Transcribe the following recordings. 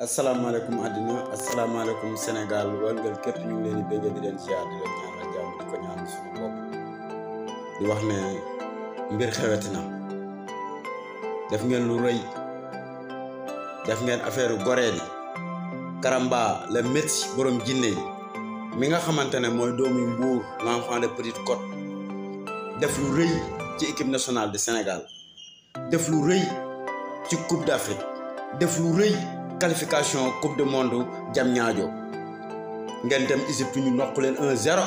Assalamualaikum adina, Assalamualaikum Senegal. Warga kep ñu ngi leen di bégg di leen ziar di leen ñaanal jàmm di ko ñaan suñu bopp di wax ne mbir xeweti na def ngeen lu rëy def ngeen affaire goree di Karamba le médecin borom jinne yi mi nga xamante ne mooy doomu Mbour l'enfant de Petite cote def lu rëy ci équipe nationale de senegal def lu rëy ci Coupe d'Afrique def lu rëy qualification coupe de monde jam ñaajo ngeen dem Égypte ñu noq leen 1-0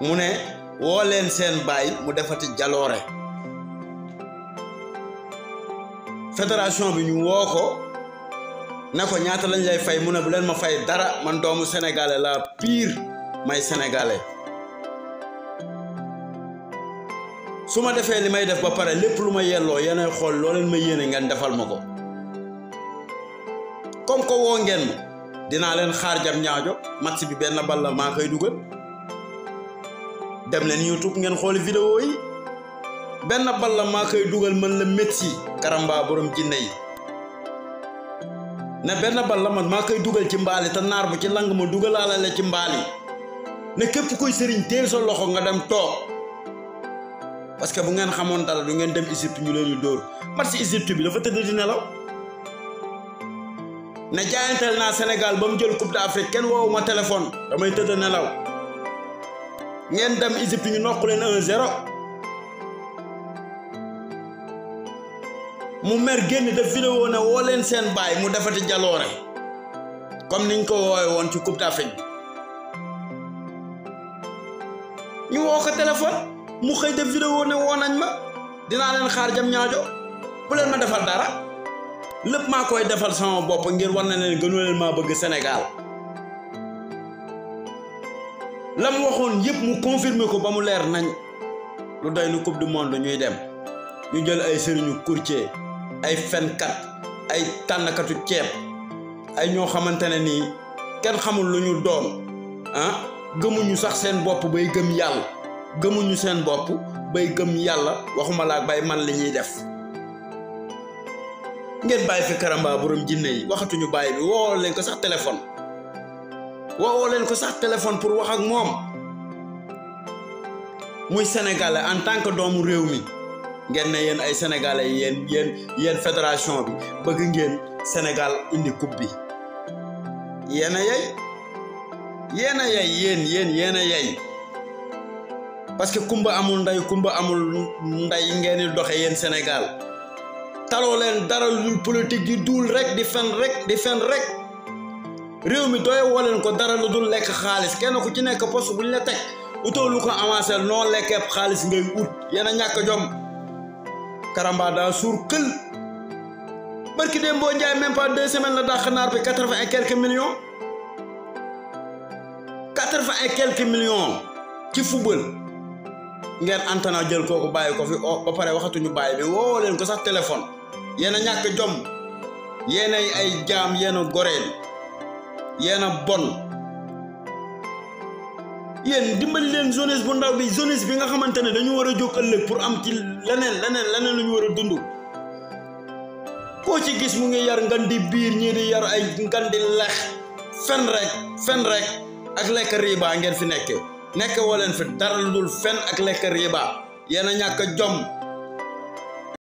mu ne woo leen seen baay mu defati jaloore fédération bi ñu wooko ko ñaata lañ lay fay mu ne bu leen ma fay dara man doomu sénégalais la pire may sénégalais suma ma defee li may def ba pare lépp lu ma yelloo yeneen xool loo leen ma yéene ngeen defal ma ko comme ko woo ngeen ma dinaa leen xaar jam ñaajo match bi benn bal la maa koy dugal dem leen YouTube ngeen xool vidéo yi benn bal la maa koy dugal man la Messi karamba borom jinne yi ne benn bal la man maa koy dugal ci mbaali te naar bu ci lang ma dugalaale la ci mbaali ne képp kuy sëriñ teel sa loxo nga dem toog parce que bu ngeen xamoon dara du ngeen dem Egypte ñu leen door dóor match Égypte bi dafa tëdd di nelaw na jaayantal naa Sénégal ba mu jël coupe d'Afrique kenn woowuma téléphone damay tëdd nelaw ngeen dem Egypte ñu nokk leen 1-0 mu mer génn def vidéo ne woo leen seen baay mu defati jaloore comme niñ ko woowe woon ci coupe d'Afrique ñu woo ko téléphone mu xëy def vidéo ne woo nañ ma dinaa leen xaar jam ñaajo bu leen ma defal dara lépp maa koy defal sama bopp ngir war na leen gënu leen maa bëgg Sénégal la waxoon yëpp mu confirmer ko ba mu leer nañ lu doy nu coupe du monde ñuy dem ñu jël ay sëriñu courtier ay fenkat ay tànnkatu ceeb ay ñoo xamante ne nii kenn xamul lu ñu doon ah gëmuñu sax seen bopp bay gëm yàlla gëmuñu seen bopp bay gëm yàlla waxuma laa bay man li ñuy def ngeen bàyyi fi karamba borom jinne yi waxatuñu bàyyi bi woo leen ko sax téléphone woo ko sax téléphone pour wax ak moom muy sénégalais en tant que doomu réew mi ngeen ne yéen ay sénégalais yéen yéen yéen fédération bi bëgg ngeen senegal indi coupe bi yéen a yey yéen a yey yéen yéen yéen a yey parce que kumba amul nday kumba amul nday ngeen di doxee yéen Sénégal talo len dara lu politique di dul rek di fen rek di fen rek rew mi doye woo ko dara lu dul lek xaalis kenn ko ci nek poste buñ la tek auto lu ko avancer noo lek xaalis ngay out yena ñak jom karamba da sur keul barki dem boo njaay même pas deux semaines la dakh nar bi 80 quelques millions 80 quelques millions ci football ngeen antana jël koku bayyi ko fi oh, ba pare waxatuñu bayyi bi woo leen ko sax téléphone yéen a ñàkk jom yéen ay jaam yéen a goreel yéen a bon yéen dimbali leen jeunesse bu ndaw bi jeunesse bi nga xamante ne dañu war a jóg ëllëg pour am ci leneen leneen leneen lu ñu war a dund koo ci gis mu ngi yar ngandi biir ñii di yar ay ngandi lex fen rek fen rek ak lekk riba ngeen fi nekkee nekk woo leen fi dara lu dul fen ak lekk riba yéen a ñàkk jom